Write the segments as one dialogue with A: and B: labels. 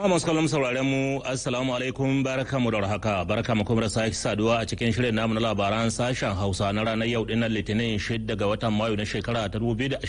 A: Jama'a masu kallon sauraren mu assalamu alaikum mu da baraka mu kuma da sake saduwa a cikin shirin namu na labaran sashen Hausa na ranar yau dinnan Litinin 6 ga watan Mayu na shekara ta 2024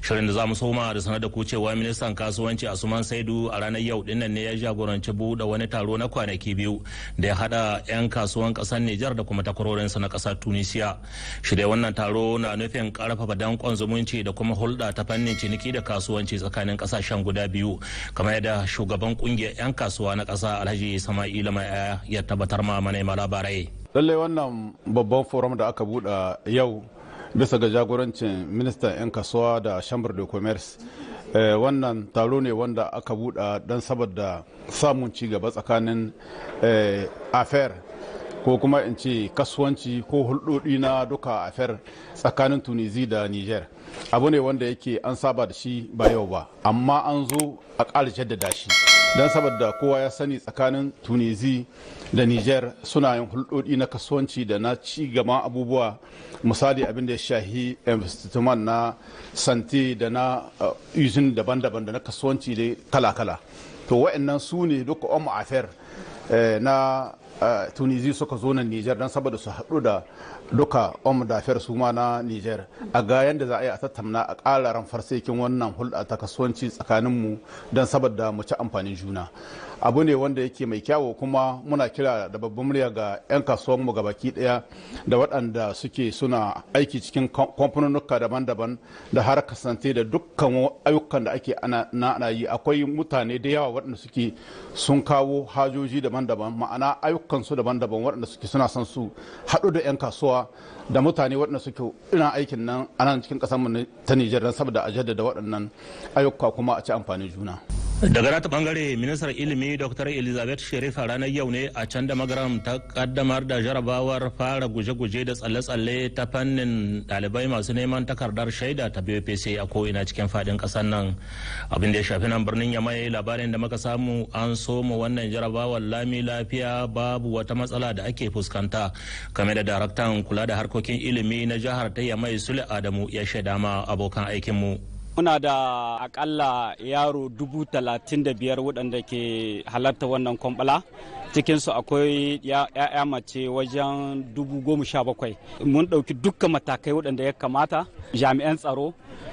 A: shirin da zamu soma da sanar da ku cewa ministan kasuwanci Asuman Saidu a ranar yau dinnan ne ya jagoranci buɗe wani taro na kwanaki biyu da ya hada yan kasuwan kasar Nijar da kuma takwarorin sa na kasar Tunisia shirye wannan taro na nufin karfafa dankon zumunci da kuma hulɗa ta fannin ciniki da kasuwanci tsakanin kasashen guda biyu kamar yadda shugaban kungiyar 'yan kasuwa na ƙasa alhaji sama'ila mai ya tabbatar ma manema labarai
B: lallai wannan babban forum da aka buɗa yau bisa ga jagorancin ministan 'yan kasuwa da chamber de commerce eh, wannan taro ne wanda aka buɗa don saboda samun ci gaba tsakanin eh, afer ko kuma in ce kasuwanci ko hulɗoɗi na duka afer tsakanin tunisi da niger abu ne wanda yake an saba da shi ba yau ba amma an zo a ƙara jaddada shi don saboda kowa ya sani tsakanin tunisi da niger suna yin hulɗoɗi na kasuwanci da na ci gaban abubuwa misali abin da ya shahi investment na santi da na yuzin uh, daban-daban da na kasuwanci da kala-kala to wa'annan su ne duka on affair eh, na tunisi suka zo nan niger don saboda su haɗu da duka om da fiyar su na nijar a ga yadda za a yi a tattauna a ƙara ran farsekin wannan hulɗa ta kasuwanci tsakaninmu don saboda mu ci amfanin juna abu ne wanda yake mai kyawo kuma muna kira da babban murya ga 'yan kasuwanmu ga baki daya da waɗanda suke suna aiki cikin kamfanonuka daban-daban da har kasance da dukkan ayyukan da ake ana yi akwai mutane da yawa waɗanda suke sun kawo hajoji daban-daban ma'ana su daban-daban waɗanda suke suna son su haɗu da 'yan kasuwa da mutane waɗanda suke ina aikin nan a nan cikin ƙasarmu ta Nijar don saboda a jaddada waɗannan ayyuka kuma a ci amfani juna.
A: daga rata bangare ministar ilimi dr elizabeth sherif ranar yau ne a can da magaram ta kaddamar da jarabawar fara guje-guje da tsalle-tsalle ta fannin dalibai masu neman takardar shaida ta bpc a ko'ina cikin fadin kasar nan abin da ya shafi nan birnin yamai labarin da muka samu an soma wannan jarabawar lami lafiya babu wata matsala da ake fuskanta game da daraktan kula da harkokin ilimi na jihar ta yamai sule adamu ya shaida ma abokan aikinmu. mu Muna da akalla yaro dubu talatin da biyar waɗanda ke halarta wannan kwambala su akwai ya'ya mace wajen dubu goma sha bakwai mun ɗauki dukkan matakai waɗanda ya kamata jami'an tsaro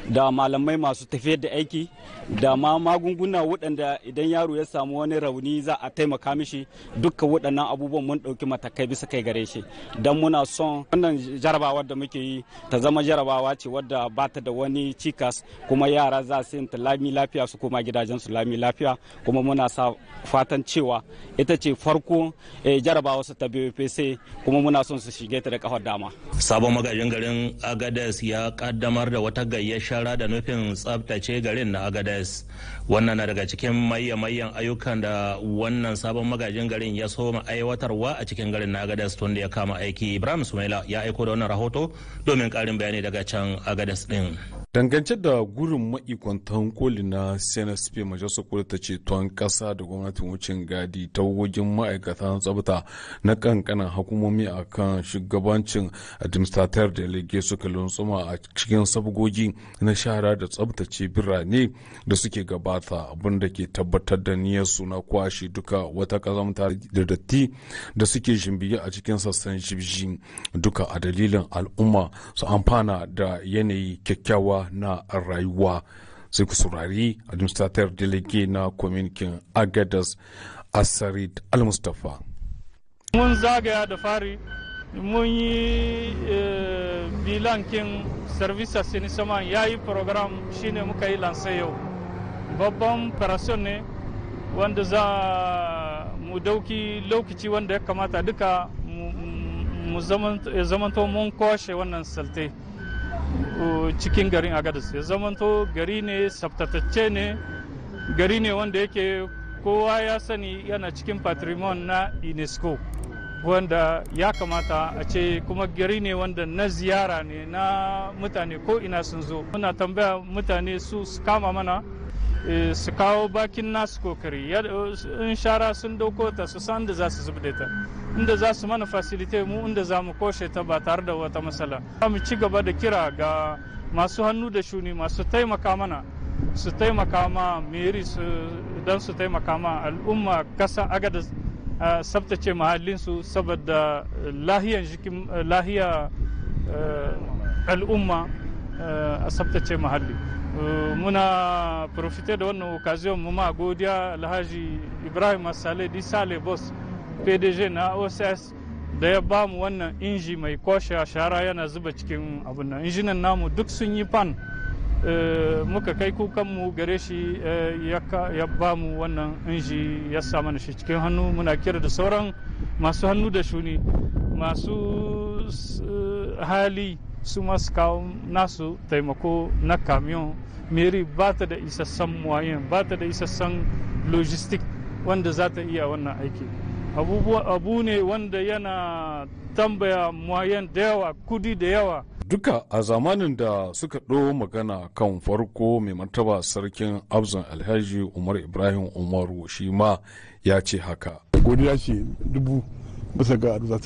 A: da malamai masu tafiyar da aiki da ma magunguna waɗanda idan yaro ya samu wani rauni za a taimaka mishi duka waɗannan abubuwan mun ɗauki matakai bisa kai gare shi don muna son wannan jarabawa da muke yi ta zama jarabawa ce wadda ba ta da wani cikas kuma yara za su ta lami lafiya su koma gidajensu lami lafiya kuma muna sa fatan cewa ita ce farko eh, jaraba wasu ta BPC kuma muna son su shige ta da kafar dama. Sabon magajin garin Agadez ya kaddamar da wata gayyar shara da nufin tsabtace garin na Agadez. Wannan na daga cikin mayyan ayyukan da wannan sabon magajin garin ya soma aiwatarwa a cikin garin na Agadez tun da ya kama aiki. Ibrahim Sumaila ya aiko da wannan rahoto domin karin bayani daga can Agadez din.
C: dangance da gurin ma'ikwantan koli na cnsp majalisar koli ta ceton kasa da gwamnatin wucin gadi ta wajen ma'aikatan tsabta na kankanan hukumomi a kan shugabancin administrator da lege suka luntsuma a cikin sabgogi na shahara da tsabtace birane da suke gabata abinda ke tabbatar da niyyar suna kwashe duka wata kazamta da datti da suke shimbiye a cikin sassan jibjin duka a dalilin al'umma su amfana da yanayi kyakkyawa na rayuwa sai ku saurari administrator delegate na kwamitin agadas asarid al
D: mun zagaya da fari mun yi eh, bilankin service sinisaman ya yi program shine muka yi lansa yau babban operation ne wanda za mu dauki lokaci wanda ya kamata duka mu zamanto mun kwashe wannan salte. cikin garin agadis ya zamanto gari ne tsaftatacce ne gari ne wanda yake kowa ya sani yana cikin patrimon na unesco wanda ya kamata a ce kuma gari ne wanda na ziyara ne na mutane ko ina sun zo muna tambaya mutane su kama mana su kawo bakin nasu kokari in shara sun dauko ta su san da za su zubde ta inda za su mana fasilite mu inda za mu koshe ta ba tare da wata matsala za mu ci gaba da kira ga masu hannu da shuni masu taimaka mana su taimaka ma meri su don su taimaka ma al'umma kasa agada tsabtace mahallinsu saboda lahiya eh, al'umma eh, a tsabtace mahalli muna profite da wannan occasion mu ma godiya alhaji ibrahim asale di sale boss pdg na oss da ya ba mu wannan inji mai kwashe shara yana zuba cikin abin nan injinan namu duk sun yi fan eh, muka kai kukanmu gare shi eh, ya ba mu wannan inji ya sa mana shi cikin hannu muna kira da sauran masu hannu da shuni masu eh, hali su masu kawo nasu taimako na kamiyon mary ba ta da isassan muwayen ba ta da isassan logistic wanda za ta iya wannan aiki abu ne wanda yana tambaya muwayen da yawa kudi da yawa duka
C: a zamanin da suka ɗo magana kan farko mai martaba sarkin abzan alhaji umar ibrahim umaru shi ma ya ce haka godiya
E: ce dubu bisa ga da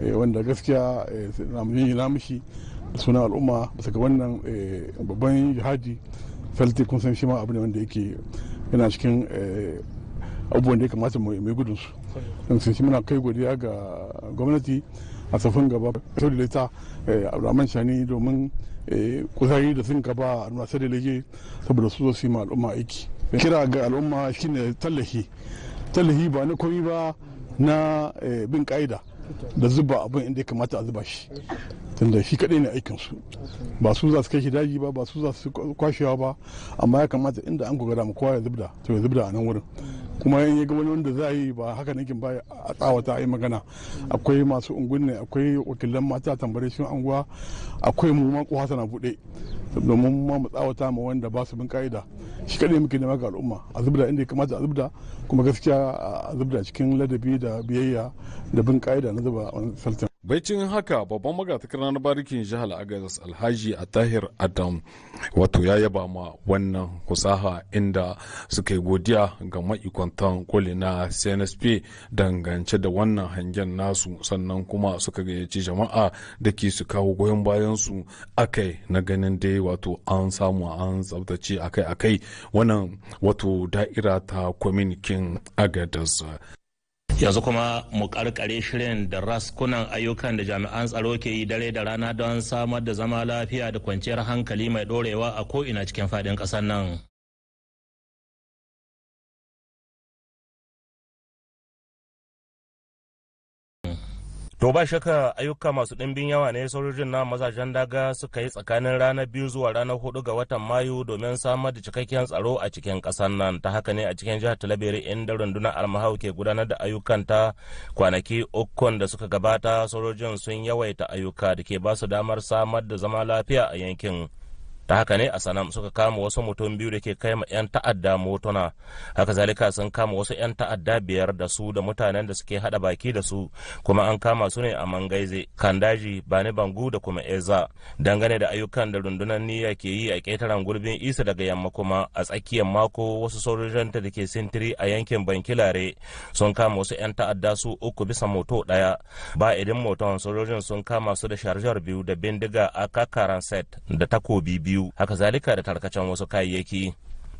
E: eh, wanda gaskiya eh, na mushi suna al'umma su ga wannan eh, babban jihadi felti kun san shi ma abu ne wanda yake yana cikin eh, abubuwan da ya kamata mai gudun su don sun shi muna kai godiya ga gwamnati a safin gaba saudi laita eh, abdulrahman shani domin kusari da sun gaba a nuna saudi lege saboda su zo su yi ma al'umma aiki kira ga al'umma shi ne tallahi tallahi ba na komi ba na bin ka'ida da zuba abin inda ya kamata a zuba shi tunda shi kaɗai ne aikinsu ba su za su kai shi daji ba ba su za su kwashewa ba amma ya kamata inda an gogara kowa ya zubda to ya zubda a nan wurin kuma in ya ga wanda za yi ba haka na ba a tsawata a yi magana akwai masu ungun ne akwai wakilan mata tambare shi anguwa akwai mu ma kowa tana buɗe domin ma mu tsawata ma wanda ba su bin ka'ida shi kaɗai muke nema ga al'umma a zubda inda ya kamata a zubda kuma gaskiya a zubda cikin ladabi da biyayya da bin ka'ida na zuba wani saltan
C: baicin haka babban magatakar na barikin jihar agadas alhaji a tahir adam wato ya yaba ma wannan kusaha inda suka yi godiya ga ma'ikwantan koli na cnsp dangance da wannan hangen nasu sannan kuma suka gayyaci jama'a da ke su kawo goyon bayan su akai na ganin dai wato an samu an tsabtace akai akai wannan wato da'ira ta kwaminikin agadas
A: yanzu kuma mu karkare shirin da raskunan ayyukan da jami'an tsaro ke yi dare da rana don samar
D: da zama lafiya da kwanciyar hankali mai dorewa a ko'ina cikin faɗin ƙasar nan To ba shakka ayyuka masu ɗimbin yawa ne sojojin na mazajen
A: daga suka yi tsakanin ranar biyu zuwa ranar hudu ga watan Mayu domin samar da cikakken tsaro a cikin ƙasar nan. Ta haka ne a cikin jihar Talabiri inda rundunar almahau ke gudanar da ayyukan ta kwanaki ukun da suka gabata sojojin sun yawaita ayyuka da ke basu damar samar da zama lafiya a yankin. ta haka ne a sanam suka kama wasu mutum biyu da ke kai ma 'yan ta'adda motuna haka zalika sun kama wasu 'yan ta'adda biyar da su da mutanen da suke hada baki da su kuma an kama su ne a mangaize kandaji bani bangu da kuma eza dangane da ayyukan da rundunar niyya ke yi a ketaren gurbin isa daga yamma kuma a tsakiyar mako wasu sojojin da ke sintiri a yankin bankilare sun kama wasu 'yan ta'adda su uku bisa moto ɗaya ba idin moton sojojin sun kama su da sharjar biyu da bindiga a kakaran set da takobi biyu biyu haka zalika da tarkacen wasu kayayyaki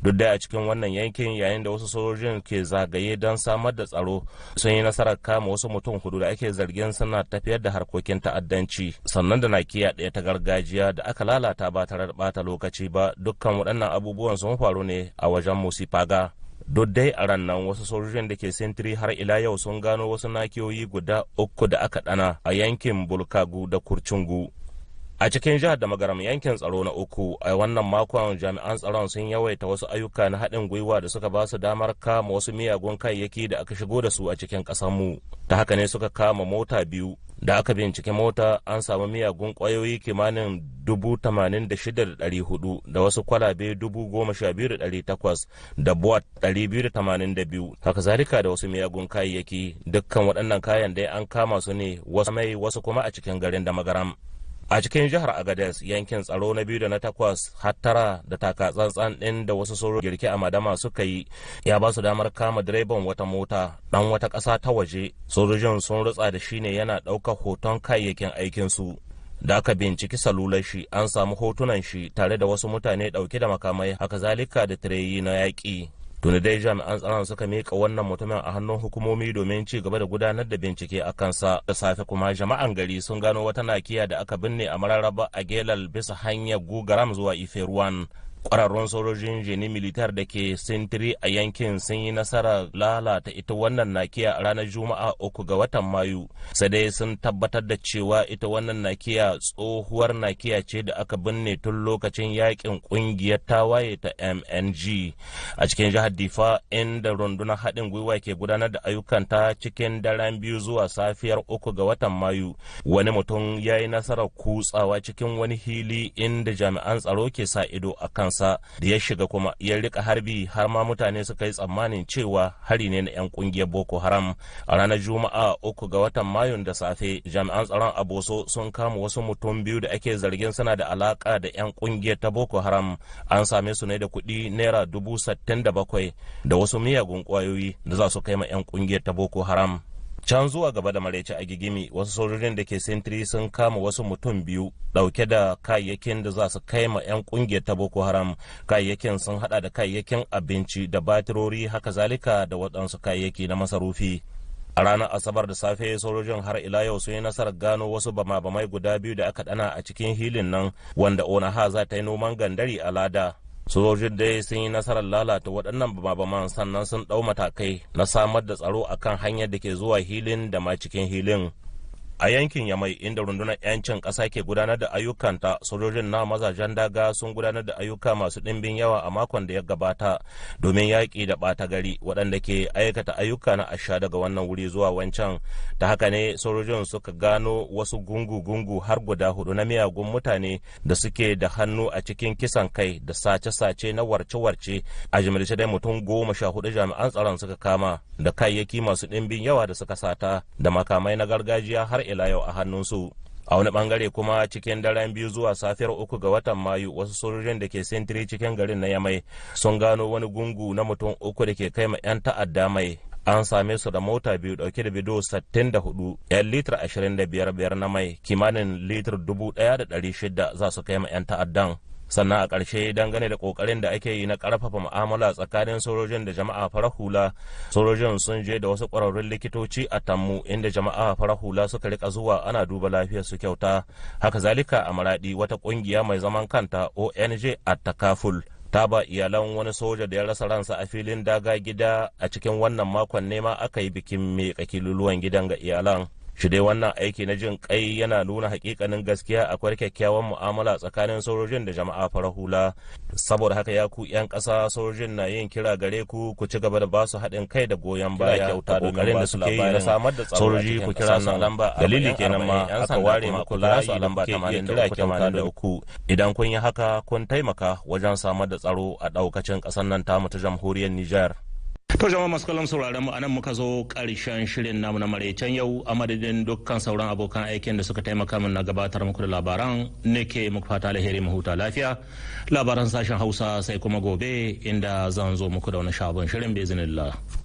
A: duk da a cikin wannan yankin yayin da wasu sojojin ke zagaye don samar da tsaro sun yi nasarar kama wasu mutum hudu da ake zargin suna tafiyar da harkokin ta'addanci sannan da nakiya ɗaya ta gargajiya da aka lalata ba tare da ɓata lokaci ba dukkan waɗannan abubuwan sun faru ne a wajen musifaga duk dai a rannan wasu sojojin da ke sintiri har ila yau sun gano wasu nakiyoyi guda uku da aka ɗana a yankin bulkagu da kurcungu a cikin jihar da magaram yankin tsaro na uku a wannan makon jami'an tsaron sun yawaita wasu ayyuka na haɗin gwiwa da suka ba su damar kama wasu miyagun kayayyaki da aka shigo da su a cikin mu ta haka ne suka kama mota biyu da aka bincike mota an samu miyagun ƙwayoyi kimanin dubu tamanin da shida da ɗari hudu da wasu kwalabe dubu goma sha biyu da ɗari takwas da buwa ɗari biyu da tamanin da biyu haka zalika da wasu miyagun kayayyaki dukkan waɗannan kayan dai an kama su ne wasu mai wasu kuma a cikin garin da magaram a cikin jihar agadez yankin tsaro na biyu da na takwas har da taka tsantsan ɗin da wasu sojojin girki a madama suka yi ya ba su damar kama direban wata mota ɗan wata ƙasa ta waje sojojin sun rutsa da shi ne yana ɗaukar hoton kayayyakin aikinsu da aka binciki salular shi an samu hotunan shi tare da wasu mutane ɗauke da makamai haka zalika da tireyi na yaƙi tuni dai jami'an tsaron suka mika wannan mutumin a hannun hukumomi domin ci gaba da gudanar da bincike a kansa da safe kuma jama'an gari sun gano wata nakiya da aka binne a mararraba a gelal bisa hanyar gugaram zuwa ife ruwan kwararrun sojojin jini militar da ke sintiri a yankin sun yi nasara lalata ita wannan nakiya a ranar juma'a uku ga watan mayu sai dai sun tabbatar da cewa ita wannan nakiya tsohuwar nakiya ce da aka binne tun lokacin yakin kungiyar waye ta mng a cikin jihar difa inda rundunar haɗin gwiwa ke gudanar da ayyukan ta cikin daren biyu zuwa safiyar uku ga watan mayu wani mutum ya yi nasarar kutsawa cikin wani hili inda jami'an tsaro ke sa ido a kan kansa da ya shiga kuma ya rika harbi har ma mutane suka yi tsammanin cewa hari ne na 'yan kungiyar boko haram a ranar juma'a uku ga watan mayun da safe jami'an tsaron aboso sun kama wasu mutum biyu da ake zargin suna da alaka da 'yan kungiyar ta boko haram an same su ne da kuɗi naira dubu sattin da bakwai da wasu miyagun kwayoyi da za su kai ma 'yan kungiyar ta boko haram can zuwa gaba da maraice a gigimi wasu sojojin da ke sintiri sun kama wasu mutum biyu dauke da kayayyakin da za su kai ma 'yan kungiyar ta boko haram kayayyakin sun hada da kayayyakin abinci da batirori haka zalika da waɗansu kayayyaki na masarufi a ranar asabar da safe sojojin har ila yau sun yi nasarar gano wasu bama-bamai guda biyu da aka dana a cikin hilin nan wanda onaha za ta yi noman gandari a lada sojojin dai sun yi nasarar lalata waɗannan babaman sannan sun ɗau matakai na samar da tsaro akan hanyar da ke zuwa hilin da ma cikin hilin a yankin yamai inda rundunar 'yancin kasa ke gudanar da ayyukanta sojojin na mazajen daga sun gudanar da ayyuka masu ɗimbin yawa a makon da ya gabata domin yaƙi da ɓata gari waɗanda ke aikata ayyuka na asha daga wannan wuri zuwa wancan ta haka ne sojojin suka gano wasu gungu-gungu har guda hudu na miyagun mutane da suke da hannu a cikin kisan kai da sace-sace na warce-warce a jimilce dai mutum goma sha hudu jami'an tsaron suka kama da kayayyaki masu ɗimbin yawa da suka sata da makamai na gargajiya har ila yau a hannunsu a wani bangare kuma cikin daren biyu zuwa safiyar uku ga watan mayu wasu sojojin da ke sentiri cikin garin na yamai sun gano wani gungu na mutum uku da ke kai ma 'yan ta'adda mai an same su da mota biyu dauke da bido 64 'yan litar 25 biyar na mai kimanin litar 1,600 za su kai ma 'yan ta'addan sannan a ƙarshe dangane da ƙoƙarin da ake yi na ƙarfafa mu'amala tsakanin sojojin da jama'a farar hula sojojin sun je da wasu ƙwararrun likitoci a tammu inda jama'a farar hula suka rika zuwa ana duba lafiyar su kyauta haka zalika a maradi wata ƙungiya mai zaman kanta ong a takaful ta ba iyalan wani soja da ya rasa ransa a filin daga gida a cikin wannan makon nema aka yi bikin mai kakiluluwan gidan ga iyalan shi dai wannan aiki na jin kai yana nuna hakikanin gaskiya akwai kyakkyawan mu'amala tsakanin sojojin da jama'a fara hula saboda haka ya ku 'yan kasa sojojin na yin kira gare ku ku ci gaba da su haɗin kai da goyon baya ta kokarin da suke yi na samar da tsaro sojoji ku kira nan lamba dalili kenan ma aka ware muku layi da kuke kira da uku idan kun yi haka kun taimaka wajen samar da tsaro a ɗaukacin ƙasar nan tamu ta jamhuriyar Nijar. To jama'a masu kallon sauraron mu anan muka zo karshen shirin namu na maraicen yau a madadin dukkan sauran abokan aikin da suka taimaka min na gabatar muku da labaran nake muku fata alheri mu huta lafiya labaran sashen Hausa sai kuma gobe inda zan zo muku da wani shabon shirin bi